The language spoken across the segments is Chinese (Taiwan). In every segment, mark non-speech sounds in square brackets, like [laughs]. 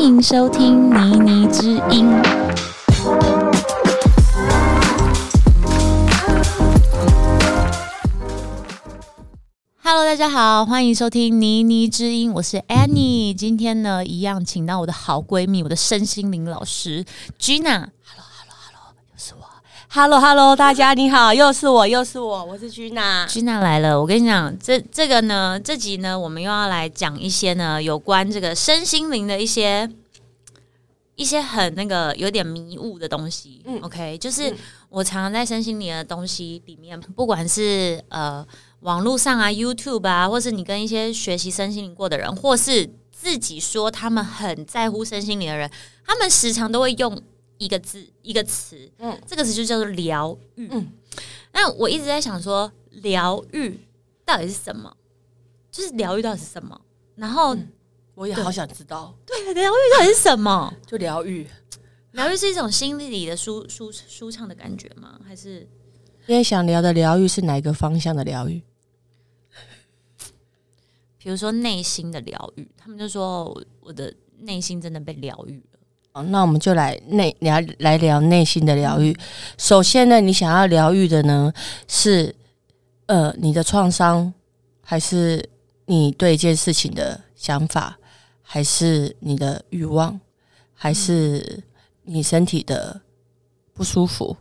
歡迎收聽《妮妮之音》。Hello，大家好，歡迎收聽《妮妮之音》，我是 Annie。今天呢，一樣請到我的好閨蜜，我的身心靈老師 Gina。Hello。哈嘍哈嘍，hello, hello, 大家你好，又是我，又是我，我是 Gina，Gina 來了。我跟你講，這這個呢，這集呢，我們又要來講一些呢，有關這個身心靈的一些一些很那個有點迷霧的東西。嗯、OK，就是我常常在身心靈的東西裡面，不管是呃網絡上啊，YouTube 啊，或是你跟一些學習身心靈過的人，或是自己說他們很在乎身心靈的人，他們時常都會用。一個字，一個詞，嗯，這個詞就叫做療癒。嗯，那我一直在想說，療癒到底是什麼？就是療癒到底是什麼？然後、嗯、我也好想知道，對，療癒到底是什麼？就療癒，療癒是一種心理的舒舒舒暢的感覺嗎？還是今天想聊的療癒是哪一個方向的療癒？比如說內心的療癒，他們就說我的內心真的被療癒。哦，那我們就來內聊來聊內心的療癒。首先呢，你想要療癒的呢是呃你的創傷，還是你對一件事情的想法，還是你的慾望，還是你身體的不舒服？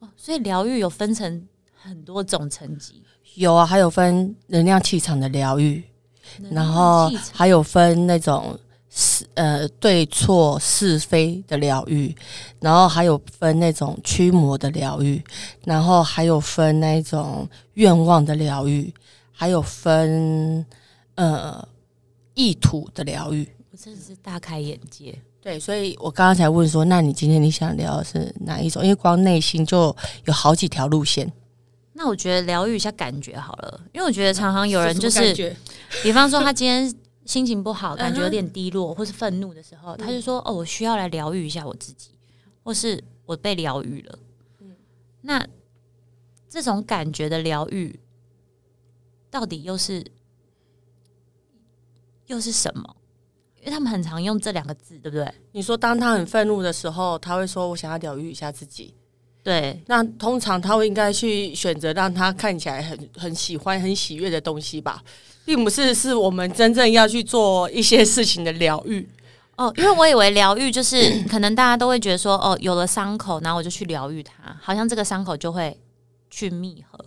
哦、嗯，所以療癒有分成很多種層級。有啊，還有分量能量氣場的療癒，然後還有分那種。是呃，對錯是非的療癒，然後還有分那種驅魔的療癒，然後還有分那種願望的療癒，還有分呃意圖的療癒。我真的是大開眼界。對，所以我剛剛才問說，那你今天你想聊的是哪一種？因為光內心就有好幾條路線。那我覺得療癒一下感覺好了，因為我覺得常常有人就是，是比方說他今天。 [laughs] 心情不好，感覺有點低落，uh huh. 或是憤怒的時候，他就說：“哦，我需要來療癒一下我自己，或是我被療癒了。” Uh huh. 那這種感覺的療癒到底又是又是什麼？因為他們很常用這兩個字，對不對？你說，當他很憤怒的時候，他會說：“我想要療癒一下自己。”對，那通常他會應該去選擇讓他看起來很很喜歡、很喜悅的東西吧，並不是是我們真正要去做一些事情的療癒哦，因為我以為療癒就是可能大家都會覺得說，咳咳哦，有了傷口，然後我就去療癒它，好像這個傷口就會去密合，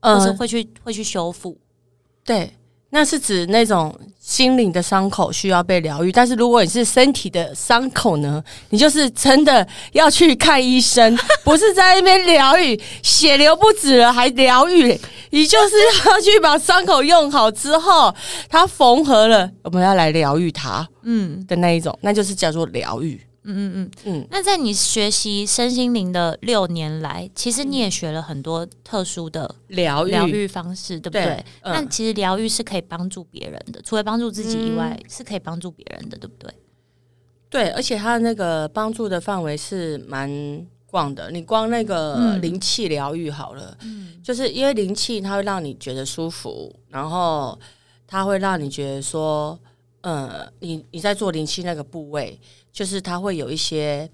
呃，或會，會去會去修復，對。那是指那種心靈的傷口需要被療癒，但是如果你是身體的傷口呢，你就是真的要去看醫生，不是在那邊療癒，血流不止了還療癒，你就是要去把傷口用好之後，它縫合了，我們要來療癒它，嗯的那一種，嗯、那就是叫做療癒。嗯嗯嗯嗯，嗯，那在你學習身心靈的六年來，其實你也學了很多特殊的療療癒方式，對不對？那、嗯、其實療癒是可以幫助別人的，除了幫助自己以外，嗯、是可以幫助別人的，對不對？對，而且它的那個幫助的範圍是蠻廣的。你光那個靈氣療癒好了，嗯，就是因為靈氣它會讓你覺得舒服，然後它會讓你覺得說，呃、嗯，你你在做靈氣那個部位。就是他會有一些，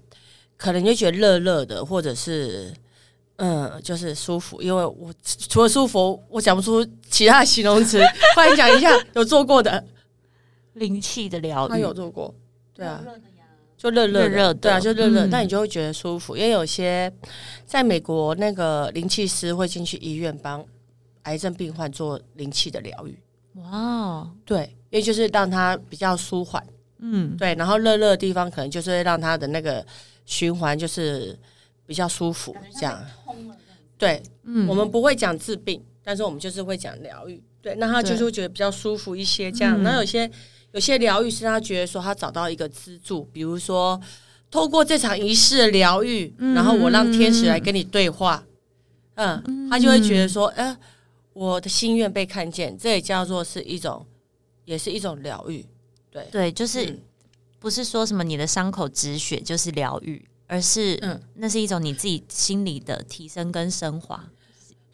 可能就覺得熱熱的，或者是嗯，就是舒服。因為我除了舒服，我講不出其他形容詞。歡迎講一下 [laughs] 有做過的靈氣的療癒，它有做過，對啊，熱熱的就熱熱熱，對啊，就熱熱。但、嗯、你就會覺得舒服，因為有些在美國那個靈氣師會進去醫院幫癌症病患做靈氣的療癒。哇 Wow，對，因為就是讓他比較舒緩。嗯，對，然後熱熱的地方可能就是會讓他的那個循環就是比較舒服，這樣。對，嗯。我們不會講治病，但是我們就是會講療癒。對，那他就是會覺得比較舒服一些，這樣。那、嗯、有些有些療癒是他覺得說他找到一個支柱，比如說透過這場儀式的療癒，然後我讓天使來跟你對話，嗯，嗯，他就會覺得說，哎、呃，我的心願被看見，這也叫做是一種，也是一種療癒。對對，就是不是說什麼你的傷口止血就是療癒，而是那是一種你自己心理的提升跟升華，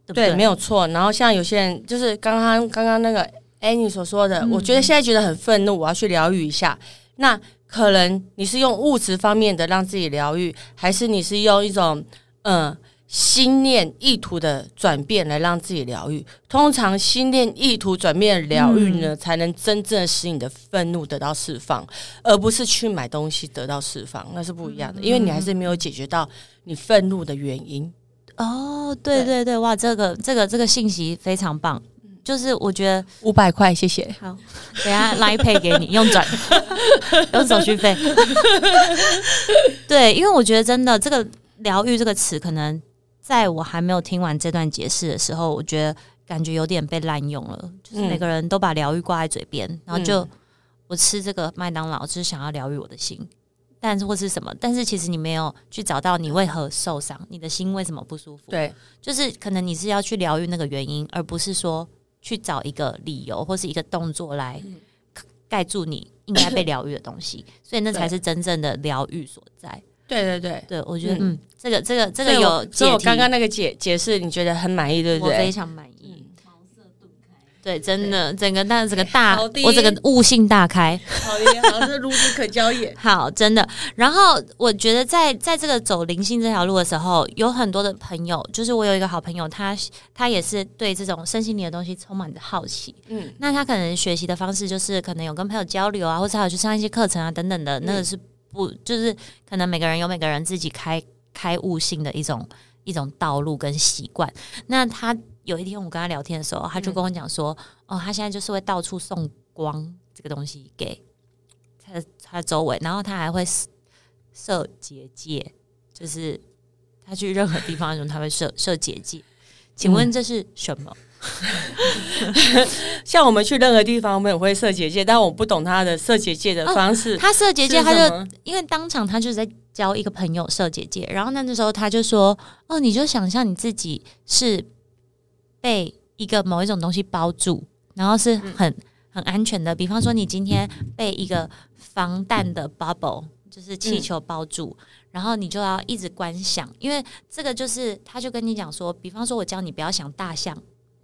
對不對？對，沒有錯。然後像有些人，就是剛剛剛剛那個安妮所說的，我覺得現在覺得很憤怒，我要去療癒一下。那可能你是用物質方面的讓自己療癒，還是你是用一種嗯？心念意圖的轉變，來讓自己療癒。通常心念意圖轉變療癒呢，才能真正使你的憤怒得到釋放，而不是去買東西得到釋放，那是不一樣的。因為你還是沒有解決到你憤怒的原因。哦，對對對，哇，這個這個這個信息非常棒。就是我覺得五百塊，謝謝。好，等一下 Line pay 給你， [laughs] 用轉，有手續費。 [laughs] 對，因為我覺得真的這個療癒這個詞，可能。在我還沒有聽完這段解釋的時候，我覺得感覺有點被濫用了。嗯、就是每個人都把療癒掛在嘴邊，然後就、嗯、我吃這個麥當勞，就是想要療癒我的心，但是或是什麼？但是其實你沒有去找到你為何受傷，你的心為什麼不舒服？對，就是可能你是要去療癒那個原因，而不是說去找一個理由或是一個動作來蓋住你應該被療癒的東西。嗯、所以那才是真正的療癒所在。對對對，對我覺得嗯，這個這個這個有，所以我剛剛那個解解釋你覺得很滿意，對不對？我非常滿意，茅塞頓開。對，真的，整個但是這個大，我這個悟性大開。好也好，這孺子可教也。好，真的。然後我覺得在在這個走靈性這條路的時候，有很多的朋友，就是我有一個好朋友，他他也是對這種身心靈的東西充滿着好奇。嗯，那他可能學習的方式就是可能有跟朋友交流啊，或者還有去上一些課程啊等等的，那個是。不，就是可能每個人有每個人自己開開悟性的一種一種道路跟習慣。那他有一天我跟他聊天的時候，他就跟我講說：“嗯、哦，他現在就是會到處送光這個東西給他他周圍，然後他還會設設結界，就是他去任何地方的時候他會設設、嗯、結界。請問這是什麼？” [laughs] 像我們去任何地方，我們也會設結界，但我不懂他的設結界的方式。他設結界，他就因為當場他就是在教一個朋友設結界，然後那個時候他就說：“哦，你就想象你自己是被一個某一種東西包住，然後是很、嗯、很安全的。比方說，你今天被一個防彈的 bubble，嗯、就是氣球包住，然後你就要一直觀想，因為這個就是他就跟你講說，比方說，我教你不要想大象。”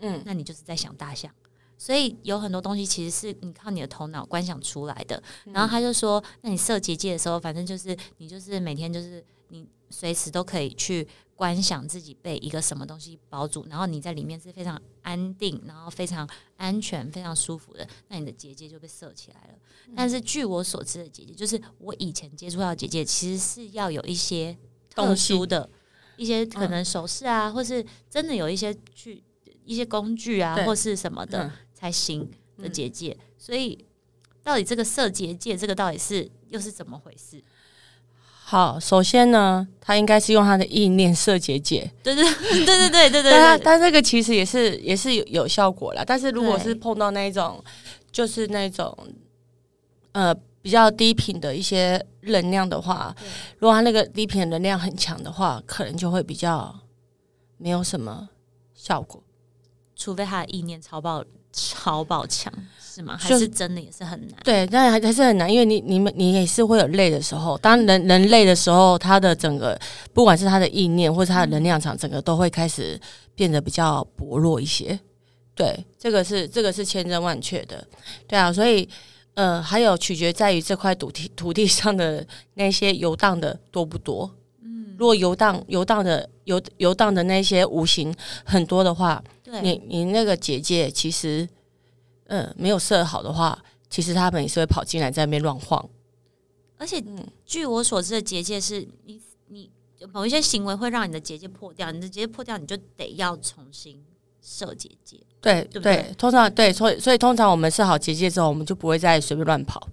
嗯，那你就是在想大象，所以有很多東西其實是你靠你的頭腦觀想出來的。然後他就說，那你設結界的時候，反正就是你就是每天就是你隨時都可以去觀想自己被一個什麼東西包住，然後你在裡面是非常安定，然後非常安全、非常舒服的，那你的結界就被設起來了。但是據我所知的結界，就是我以前接觸到的結界，其實是要有一些特殊的，一些可能手勢啊，或是真的有一些去。一些工具啊，對或是什麼的、嗯、才行的結界，嗯、所以到底這個設結界，這個到底是又是怎麼回事？好，首先呢，他應該是用他的意念設結界，對對對對對對，對，對 [laughs] 但他但這個其實也是也是有有效果啦，但是如果是碰到那一種，對就是那種，呃，比較低頻的一些能量的話，對如果他那個低頻能量很強的話，可能就會比較沒有什麼效果。除非他的意念超爆、超爆強是嗎？還是真的也是很難？對，但還還是很難，因為你你們你也是會有累的時候。當人人累的時候，他的整個不管是他的意念或者他的能量場，嗯、整個都會開始變得比較薄弱一些。對，這個是這個是千真萬確的。對啊，所以呃，還有取決在於這塊土地土地上的那些遊蕩的多不多？嗯，如果遊蕩遊蕩的遊遊蕩的那些無形很多的話。對，你你那個結界其實，嗯，沒有設好的話，其實他們也是會跑進來在那邊亂晃。而且，據我所知的結界是你，你你某一些行為會讓你的結界破掉，你的結界破掉，你就得要重新設結界。對對對，不對？對，通常對，所以所以通常我們設好結界之後，我們就不會再隨便亂跑。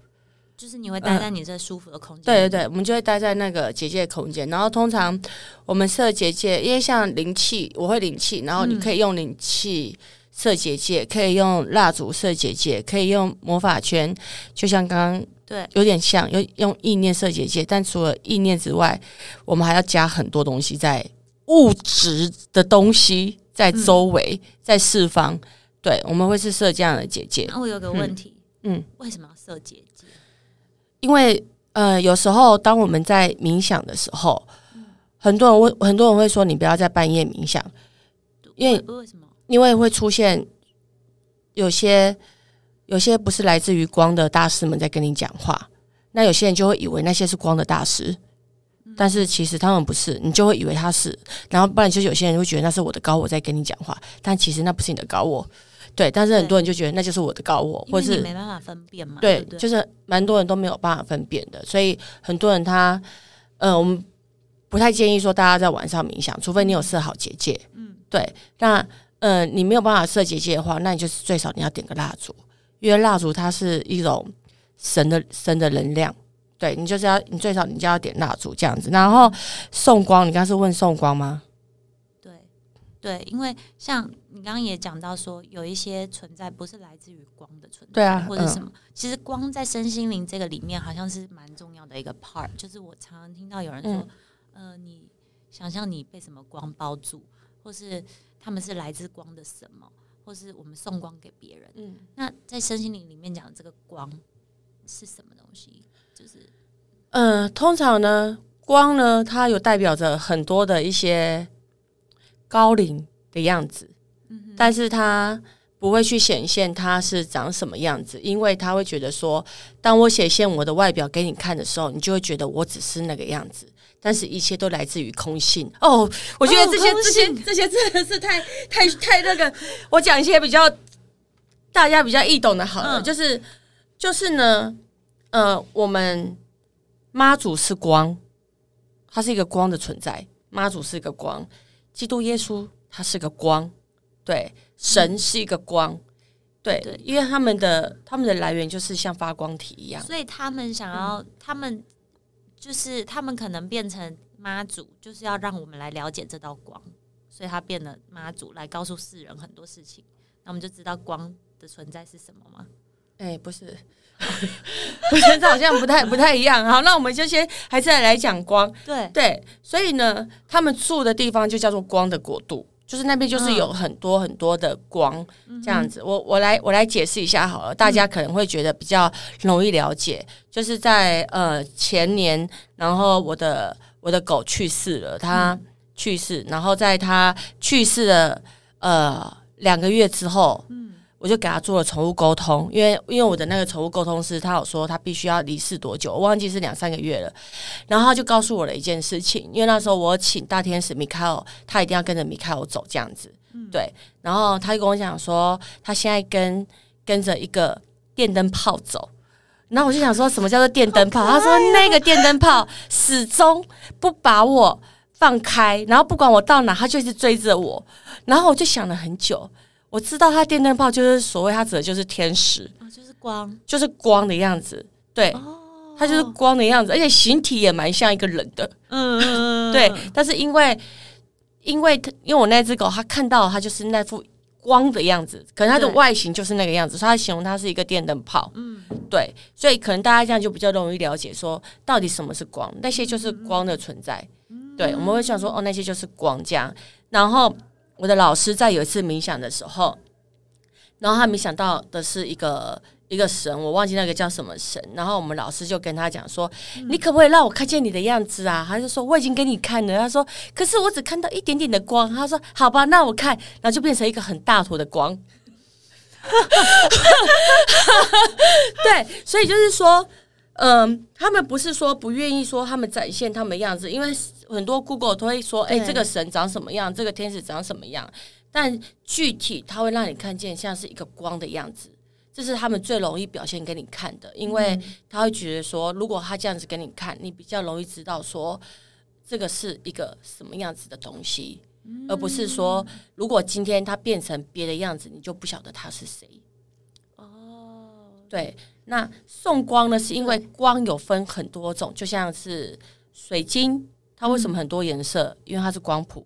就是你會待在你這舒服的空間，嗯，對對對，我們就會待在那個結界空間。然後通常我們設結界，因為像靈氣，我會靈氣，然後你可以用靈氣設結界，嗯、可以用蠟燭設結界，可以用魔法圈，就像剛剛對，有點像有用意念設結界，但除了意念之外，我們還要加很多東西在物質的東西在周圍，嗯、在四方，對，我們會是設這樣的結界。那我有個問題，嗯，為什麼要設結界？因為呃，有時候當我們在冥想的時候，很多人問，很多人會說，你不要在半夜冥想，因為因為會出現有些有些不是來自於光的大師們在跟你講話，那有些人就會以為那些是光的大師，但是其實他們不是，你就會以為他是，然後不然就有些人會覺得那是我的高我在跟你講話，但其實那不是你的高我。對，但是很多人就覺得那就是我的高我，或是你沒辦法分辨嘛。對，就是蠻多人都沒有辦法分辨的，所以很多人他，呃，我們不太建議說大家在晚上冥想，除非你有設好結界。嗯，對。那呃，你沒有辦法設結界的話，那你就是最少你要點個蠟燭，因為蠟燭它是一種神的神的能量。對，你就是要你最少你就要點蠟燭這樣子，然後送光，你剛是問送光嗎？對，因為像你剛剛也講到說，有一些存在不是來自於光的存在，啊，或者什麼。啊嗯、其實光在身心靈這個裡面，好像是蠻重要的一個 part。就是我常常聽到有人說，嗯、呃，你想象你被什麼光包住，或是他們是來自光的什麼，或是我們送光給別人。嗯、那在身心靈裡面講的這個光是什麼東西？就是，呃、嗯，通常呢，光呢，它有代表着很多的一些。高齡的樣子，嗯、哼但是他不會去顯現他是長什麼樣子，因為他會覺得說，當我顯現我的外表給你看的時候，你就會覺得我只是那個樣子，但是一切都來自於空性。哦，我覺得這些、哦、這些這些真的是太太太那個。我講一些比較大家比較易懂的，好了，嗯、就是就是呢，呃，我們媽祖是光，它是一個光的存在，媽祖是一個光。基督耶穌，他是個光，對，神是一個光，對，嗯、因為他們的他們的來源就是像發光體一樣，所以他們想要，嗯、他們就是他們可能變成媽祖，就是要讓我們來了解這道光，所以他變成媽祖來告訴世人很多事情，那我們就知道光的存在是什麼嗎？誒、欸，不是。不，現在 [laughs] 好像不太不太一樣。好，那我們就先還是來講光。對對，所以呢，他們住的地方就叫做光的國度，就是那邊就是有很多很多的光，嗯、哼這樣子。我我來我來解釋一下好了，大家可能會覺得比較容易了解。嗯、就是在呃前年，然後我的我的狗去世了，他去世，然後在他去世了呃兩個月之後，嗯。我就給他做了寵物溝通，因為因為我的那個寵物溝通師，他有說他必須要離世多久，我忘記是兩三個月了。然後他就告訴我了一件事情，因為那時候我請大天使米迦勒，他一定要跟着米迦勒走這樣子，嗯、對。然後他就跟我講說，他現在跟跟着一個電燈泡走。然後我就想說什麼叫做電燈泡？喔、他說那個電燈泡始終不把我放開，然後不管我到哪，他就是追着我。然後我就想了很久。我知道它電燈泡就是所謂它指的就是天使，哦、就是光，就是光的樣子。對，它、哦、就是光的樣子，而且形體也蠻像一個人的。嗯 [laughs] 對，但是因為因為它因為我那隻狗，它看到它就是那副光的樣子，可能它的外形就是那個樣子，對所以它形容它是一個電燈泡。嗯，對，所以可能大家這樣就比較容易了解說，到底什麼是光？那些就是光的存在。嗯、對，我們會想說，哦，那些就是光這樣，然後。我的老師在有一次冥想的時候，然後他沒想到的是一個、嗯、一個神，我忘記那個叫什麼神。然後我們老師就跟他講說：“嗯、你可不可以讓我看見你的樣子啊？”他就說：“我已經給你看了。”他說：“可是我只看到一點點的光。”他說：“好吧，那我看。”然後就變成一個很大坨的光。哈哈哈！哈哈！哈哈！對，所以就是說，嗯，他們不是說不願意說他們展現他們的樣子，因為。很多 Google 都會說：“哎、欸，這個神長什麼樣？對這個天使長什麼樣？”但具體它會讓你看見像是一個光的樣子，這是他們最容易表現給你看的，因為他會覺得說，如果他這樣子給你看，你比較容易知道說這個是一個什麼樣子的東西，嗯、而不是說如果今天他變成別的樣子，你就不曉得他是誰。哦，對，那送光呢？是因為光有分很多種，對就像是水晶。它為什麼很多顏色？嗯、因為它是光譜，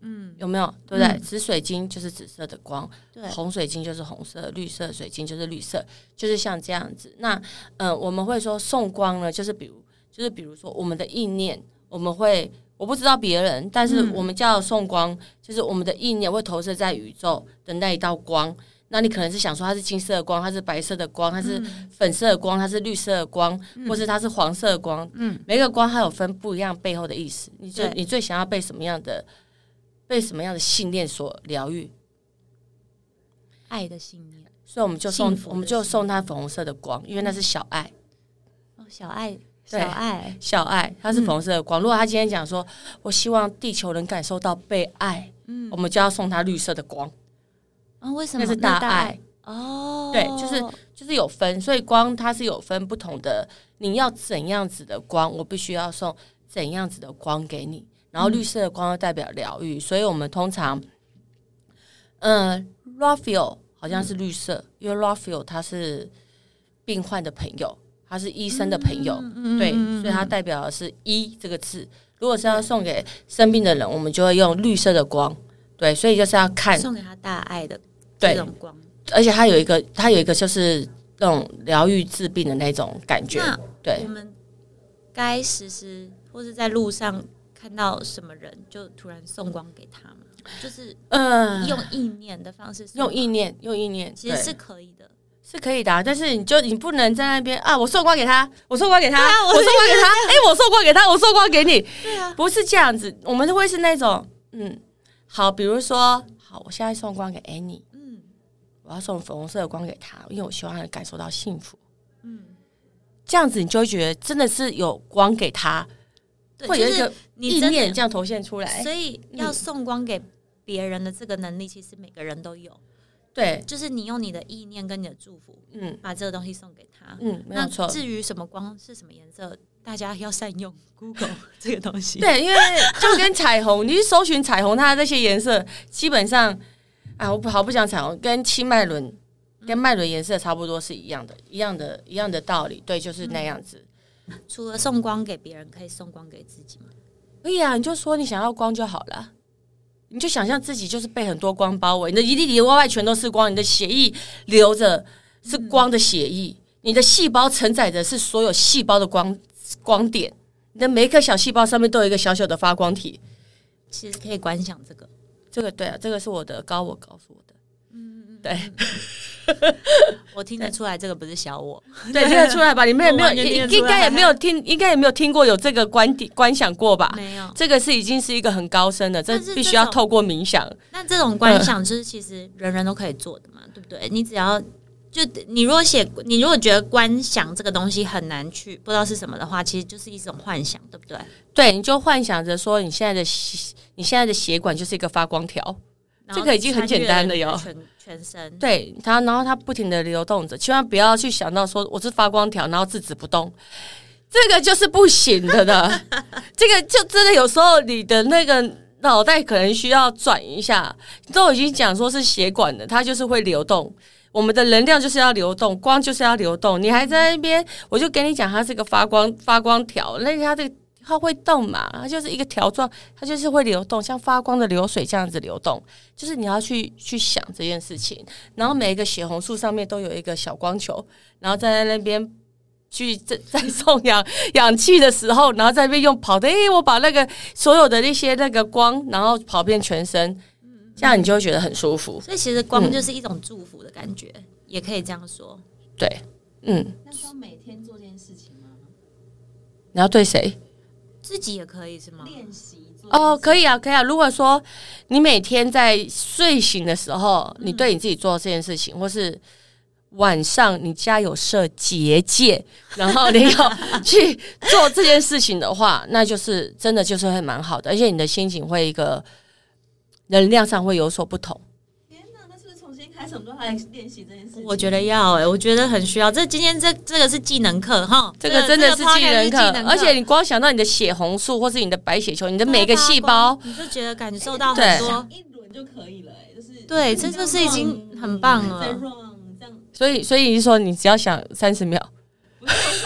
嗯，有沒有？對不對？嗯、紫水晶就是紫色的光，對紅水晶就是紅色，綠色水晶就是綠色，就是像這樣子。那，嗯、呃，我們會說送光呢，就是比如，就是比如說我們的意念，我們會我不知道別人，但是我們叫送光，嗯、就是我們的意念會投射在宇宙的那一道光。那你可能是想說它是金色的光，它是白色的光，它是粉色的光，它是綠色的光，或是它是黃色的光。嗯，每個光它有分不一樣背後的意思。你最你最想要被什麼樣的對被什麼樣的信念所療癒？愛的信念，所以我們就送我們就送它粉紅色的光，因為那是小愛。哦，小愛，小愛，小愛，它是粉紅色的光。嗯、如果他今天講說我希望地球能感受到被愛，嗯，我們就要送它綠色的光。啊、為什麼？那是大愛哦，對，就是就是有分，所以光它是有分不同的。你要怎樣子的光，我必須要送怎樣子的光給你。然後綠色的光就代表療癒，嗯、所以我們通常，嗯、呃、，Raphael 好像是綠色，嗯、因為 Raphael 它是病患的朋友，他是醫生的朋友，嗯嗯嗯嗯嗯對，所以它代表的是醫這個字。如果是要送給生病的人，我們就會用綠色的光。對，所以就是要看送給他大愛的。對，而且它有一個，它有一個就是那種療癒治病的那種感覺。那對我們該實施，或是在路上看到什麼人，就突然送光給他。嗯、就是嗯，用意念的方式，用意念，用意念，其實是可以的，是可以的。但是你就你不能在那邊啊，我送光給他，我送光給他，啊、我，我送光給他，哎、 [laughs] 欸，我送光給他，我送光給你，對、啊、不是這樣子，我們就會是那種嗯，好，比如說，好，我現在送光給 Annie。我要送粉紅色的光給他，因為我希望他感受到幸福。嗯，這樣子你就會覺得真的是有光給他，就是，真的會有一個意念這樣投現出來。所以要送光給別人的這個能力，其實每個人都有。嗯、對、嗯，就是你用你的意念跟你的祝福，嗯，把這個東西送給他。嗯，沒有錯。那至於什麼光是什麼顏色，大家要善用 Google 這個東西。對，因為就跟彩虹， [laughs] 你去搜尋彩虹他，它的這些顏色基本上。哎、啊，我不好不講彩虹，跟七脈輪，跟脈輪顏色差不多是一樣的，一樣的，一樣的道理。對，就是那樣子。嗯、除了送光給別人，可以送光給自己嗎？可以啊，你就說你想要光就好了。你就想象自己就是被很多光包圍，你的一裡裡外外全都是光，你的血液流着是光的血液，嗯、你的細胞承載着是所有細胞的光光點，你的每一個小細胞上面都有一個小小的發光體。其實可以觀想這個。這個對啊，這個是我的高我告訴我的，嗯，對， [laughs] 我聽得出來，這個不是小我，對，聽得了、這個、出來吧？你們也沒有，應該也沒有聽，好應該也沒有聽過有這個觀點觀想過吧？沒有，這個是已經是一個很高深的，這必須要透過冥想。那這、嗯、這種觀想就是其實人人都可以做的嘛，對不對？你只要。就你如果寫，你如果覺得觀想這個東西很難去不知道是什麼的話，其實就是一種幻想，對不對？對，你就幻想着說，你現在的血，你現在的血管就是一個發光條，這個已經很簡單了喲。全全身，對它，然後它不停的流動着，千萬不要去想到說我是發光條，然後制止不動，這個就是不行的的。 [laughs] 這個就真的有時候你的那個腦袋可能需要轉一下，都已經講說是血管的，它就是會流動。我們的能量就是要流動，光就是要流動。你還在那邊，我就跟你講，它是個發光發光條，那它這個它會動嘛？它就是一個條狀，它就是會流動，像發光的流水這樣子流動。就是你要去去想這件事情。然後每一個血紅素上面都有一個小光球，然後在在那邊去在在送氧氧氣的時候，然後在那邊用跑的，誒、欸，我把那個所有的那些那個光，然後跑遍全身。這樣你就會覺得很舒服，嗯嗯，所以其實光就是一種祝福的感覺，嗯，也可以這樣說。對，嗯。那需要每天做這件事情嗎？你要對誰？自己也可以是嗎？練習哦，oh, 可以啊，可以啊。如果說你每天在睡醒的時候，你對你自己做這件事情，嗯，或是晚上你家有設結界，然後你要去做這件事情的話， [laughs] 那就是真的就是會蠻好的，而且你的心情會一個。能量上會有所不同。天哪，那是不是重新開始，我們都來練習這件事情？我覺得要哎、欸，我覺得很需要。這今天這這個是技能課哈，對這個真的是技能課。能，而且你光想到你的血紅素，或是你的白血球，你的每個細胞，你就覺得感受到很多對、欸、一輪就可以了、欸、就是對，這就是已經很棒了、啊嗯。所以所以你說你只要想三十秒。是 [laughs]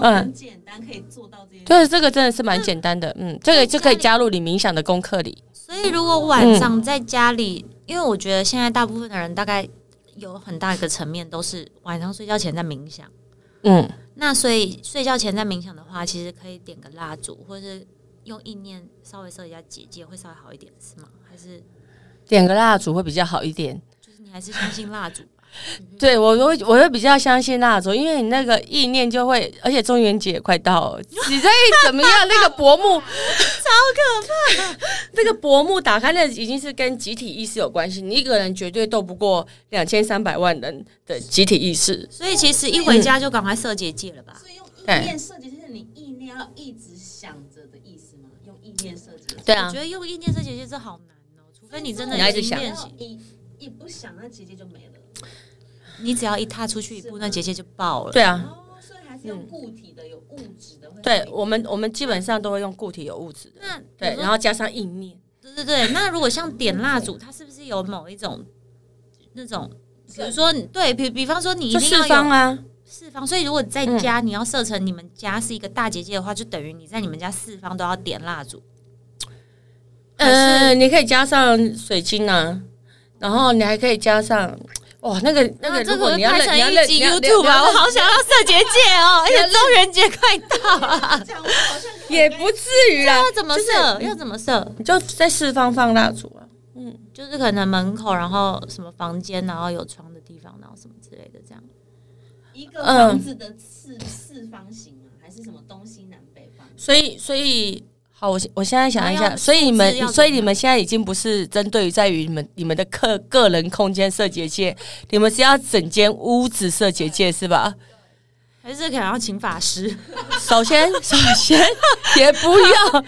嗯，很簡單可以做到這些，嗯對。這個真的是蠻簡單的，那嗯，這個就可以加入你冥想的功課裡。所以如果晚上在家裡，嗯、因為我覺得現在大部分的人大概有很大一個層面都是晚上睡覺前在冥想，嗯，那所以睡覺前在冥想的話，其實可以點個蠟燭，或者是用意念稍微設一下結界，會稍微好一點，是嗎？還是點個蠟燭會比較好一點？就是你還是相信蠟燭。 [laughs] 嗯、對，我會我會會比較相信那種，因為你那個意念就會，而且中元節也快到了，你在怎麼樣？ [laughs] 那個薄幕超可怕， [laughs] 那個薄幕打開，那已經是跟集體意識有關係。你一個人絕對鬥不過兩千三百萬人的集體意識，所以其實一回家就趕快設結界了吧。嗯、所以用意念設結界，是你意念要一直想着的意思嗎？用意念設結界，對啊，我覺得用意念設結界這好難哦，除非你真的一直想，你你不想那結界就沒了。你只要一踏出去一步，那結界就爆了。對啊，所以還是用固體的，有物質的。對我們，我們基本上都會用固體有物質的。對，然後加上意念。對對對。那如果像點蠟燭，它是不是有某一種那種？比如說，對比比方說，你四方啊，四方。所以如果在家你要設成你們家是一個大結界的話，就等於你在你們家四方都要點蠟燭。嗯，你可以加上水晶啊，然後你還可以加上。哇，那個那個，如果你要你一集 YouTube 吧，我好想要設結界哦，而且中元節快到了，也不至於啊，要怎麼設？要怎麼設？你就在四方放蠟燭啊，嗯，就是可能門口，然後什麼房間，然後有窗的地方，然後什麼之類的，這樣。一個房子的四四方形還是什麼東西南北方？所以，所以。好，我我現在想一下，所以你們，所以你們現在已經不是針對於在於你們你們的客個人空間設結界， [laughs] 你們是要整間屋子設結界對是吧？還是可能要請法師。首先，首先也不要。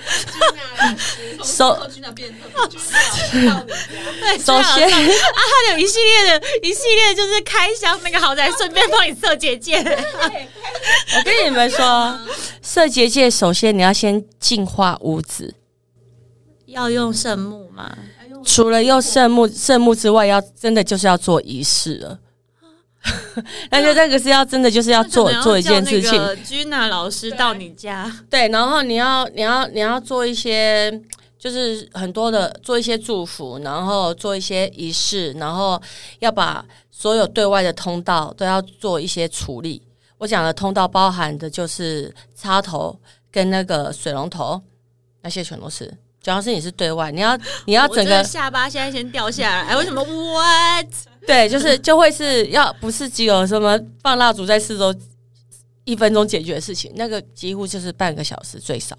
首先啊，他有一系列的一系列，就是開箱那個豪宅，順便幫你設結界。我跟你們說，設結界首先你要先淨化屋子，要用聖木嗎？除了用聖木聖木之外，要真的就是要做儀式了。但是 [laughs] 這個是要真的，就是要做做一件事情。Gina 老師到你家，對，然後你要你要你要做一些，就是很多的做一些祝福，然後做一些儀式，然後要把所有對外的通道都要做一些處理。我講的通道包含的就是插頭跟那個水龍頭，那些全都是，主要是你是對外，你要你要整個下巴現在先掉下來，哎，為什麼？What？對，就是就會是要不是只有什麼放蠟燭在四周，一分鐘解決的事情，那個幾乎就是半個小時最少。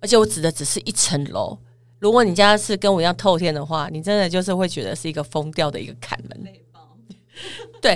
而且我指的只是一層樓，如果你家是跟我一樣透天的話，你真的就是會覺得是一個瘋掉的一個砍門。包對，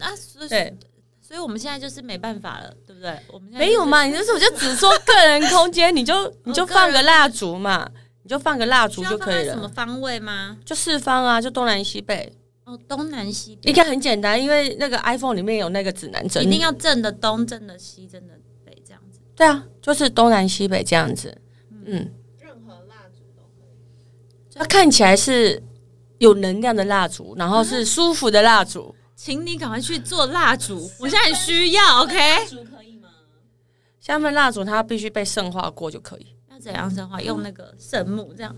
啊，所以，對所以我們現在就是沒辦法了，對不對？我們現在，就是，沒有嘛？你就是我就只說個人空間， [laughs] 你就你就放個蠟燭嘛，你就放個蠟燭就可以了。你放什麼方位嗎？就四方啊，就東南西北。哦，東南西北應該很簡單，因為那個 iPhone 裡面有那個指南針，一定要正的東，正的西，正的北，這樣子。對啊，就是東南西北這樣子。嗯。嗯，任何蠟燭都可以。對它看起來是有能量的蠟燭，然後是舒服的蠟燭。啊，請你趕快去做蠟燭，分我現在很需要。分 OK。蠟燭可以嗎？香氛蠟燭它必須被聖化過就可以。那怎樣聖化？啊，用那個聖木這樣。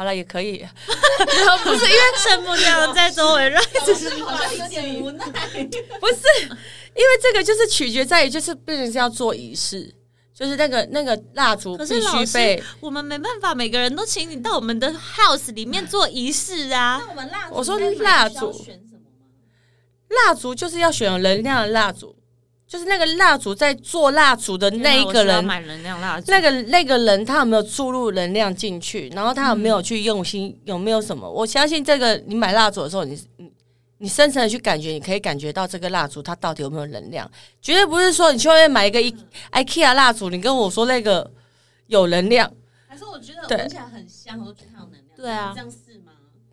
好了，也可以、啊， [laughs] [laughs] 然後不是因為成不這在周圍，亂師就是好像，好像有點無奈。 [laughs] 不是因為這個，就是取決在於，就是畢竟是要做儀式，就是那個那個蠟燭必須被。是被我們沒辦法，每個人都請你到我們的 house 裡面做儀式啊。 [laughs] 那我們蠟，我說蠟燭。蠟燭就是要選有能量的蠟燭。嗯嗯。就是那個蠟燭，在做蠟燭的那一個人，買能量蠟燭。那個那個人他有沒有注入能量進去？然後他有沒有去用心？有沒有什麼？我相信這個，你買蠟燭的時候，你你你深層的去感覺，你可以感覺到這個蠟燭它到底有沒有能量。絕對不是說你去外面買一個一 IKEA 蠟燭，你跟我說那個有能量，還是我覺得聞起來很香，我覺得它有能量。對啊，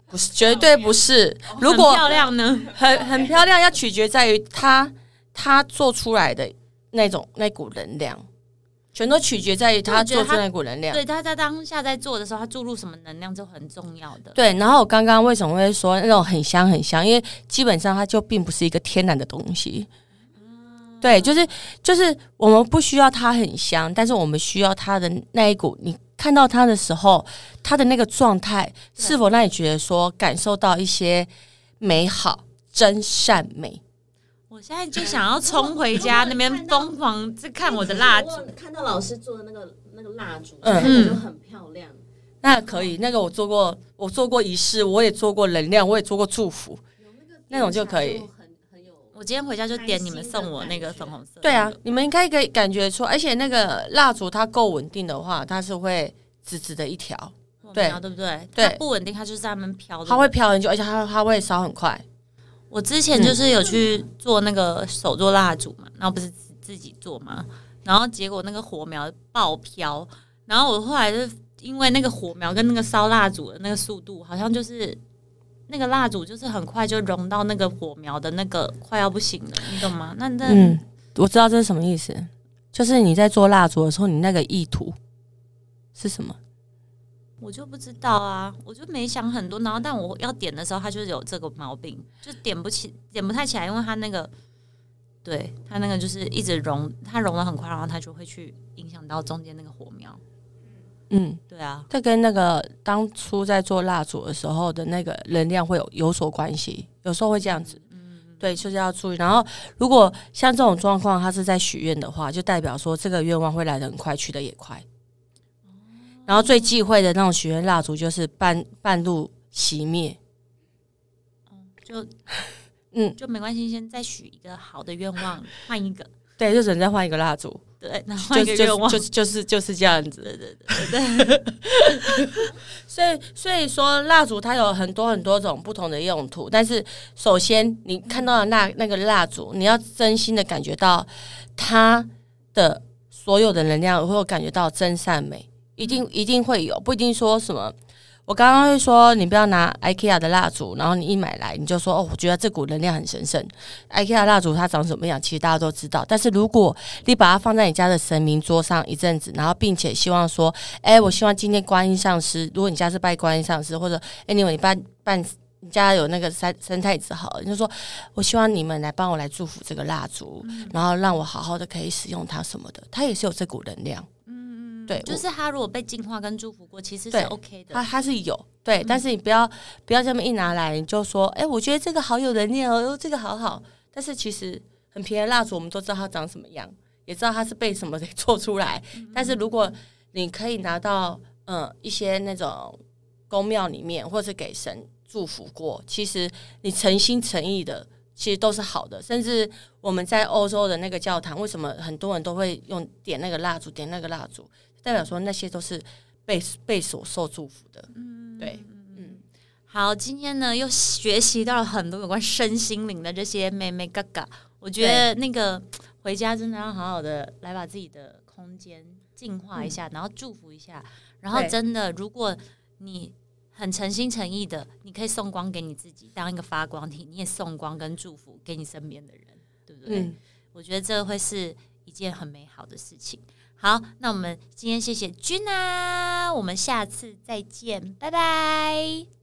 不是，絕對不是。如果很漂亮呢？很很漂亮，要取決在於它。他做出來的那種那股能量，全都取決在於他做出那股能量。對，他在當下在做的時候，他注入什麼能量就很重要的。對，然後我剛剛為什麼會說那種很香很香？因為基本上它就並不是一個天然的東西。嗯，對，就是就是我們不需要它很香，但是我們需要它的那一股。你看到它的時候，它的那個狀態是否讓你覺得說感受到一些美好、真善美？我現在就想要衝回家那邊瘋狂看我的蠟燭，看到老師做的那個那個蠟燭，嗯，就很漂亮。那可以，那個我做過，我做過儀式，我也做過能量，我也做過祝福，那個那種就可以。我今天回家就點你們送我那個粉紅色。對啊，你們應該可以感覺出，而且那個蠟燭它夠穩定的話，它是會直直的一條，對，對不對？對，不穩定它就是在那飄，它會飄很久，而且它它會燒很快。我之前就是有去做那個手做蠟燭嘛，然後不是自己做嘛，然後結果那個火苗爆飄，然後我後來就因為那個火苗跟那個燒蠟燭的那個速度，好像就是那個蠟燭就是很快就融到那個火苗的那個快要不行了，你懂嗎？那那，嗯，我知道這是什麼意思，就是你在做蠟燭的時候，你那個意圖是什麼？我就不知道啊，我就沒想很多。然後，但我要點的時候，它就有這個毛病，就點不起，點不太起來，因為它那個，對，它那個就是一直融，它融得很快，然後它就會去影響到中間那個火苗。嗯，對啊，這跟那個當初在做蠟燭的時候的那個能量會有有所關係，有時候會這樣子。嗯，對，就是要注意。然後，如果像這種狀況，它是在許願的話，就代表說這個願望會來得很快，去得也快。然後最忌諱的那種許願蠟燭就是半半路熄滅，嗯，就嗯就沒關係，先再許一個好的願望，換一個，對，就只能再換一個蠟燭，對，那換一個就是就是就是就是這樣子，對對所以所以說，蠟燭它有很多很多種不同的用途，但是首先你看到了那那個蠟燭，你要真心的感覺到它的所有的能量，我會有感覺到真善美。一定一定會有，不一定說什麼。我剛剛會說你不要拿 IKEA 的蠟燭，然後你一買來你就說哦，我覺得這股能量很神聖。IKEA 蠟燭它長什麼樣，其實大家都知道。但是如果你把它放在你家的神明桌上一陣子，然後並且希望說，哎、欸，我希望今天觀音上師，如果你家是拜觀音上師，或者哎、欸，你你拜拜，你家有那個三三太子，好了，你就說，我希望你們來幫我來祝福這個蠟燭，然後讓我好好的可以使用它什麼的，它也是有這股能量。對，就是它如果被淨化跟祝福過，其實是 OK 的。它它是有對，但是你不要、嗯、不要這麼一拿來，你就說，哎、欸，我覺得這個好有人念哦，這個好好。但是其實很便宜的蠟燭，我們都知道它長什麼樣，也知道它是被什麼給做出來。嗯、但是如果你可以拿到，嗯、嗯，一些那種宮廟裡面，或是給神祝福過，其實你誠心誠意的。其實都是好的，甚至我們在歐洲的那個教堂，為什麼很多人都會用點那個蠟燭？點那個蠟燭代表說那些都是被被所受祝福的。嗯，對，嗯。好，今天呢又學習到了很多有關身心靈的這些眉眉角角，我覺得對那個回家真的要好好的來把自己的空間淨化一下，嗯、然後祝福一下，然後真的對如果你。很誠心誠意的，你可以送光給你自己，當一個發光體，你也送光跟祝福給你身邊的人，對不對？嗯、我覺得這會是一件很美好的事情。好，那我們今天謝謝 Gina，我們下次再見，拜拜。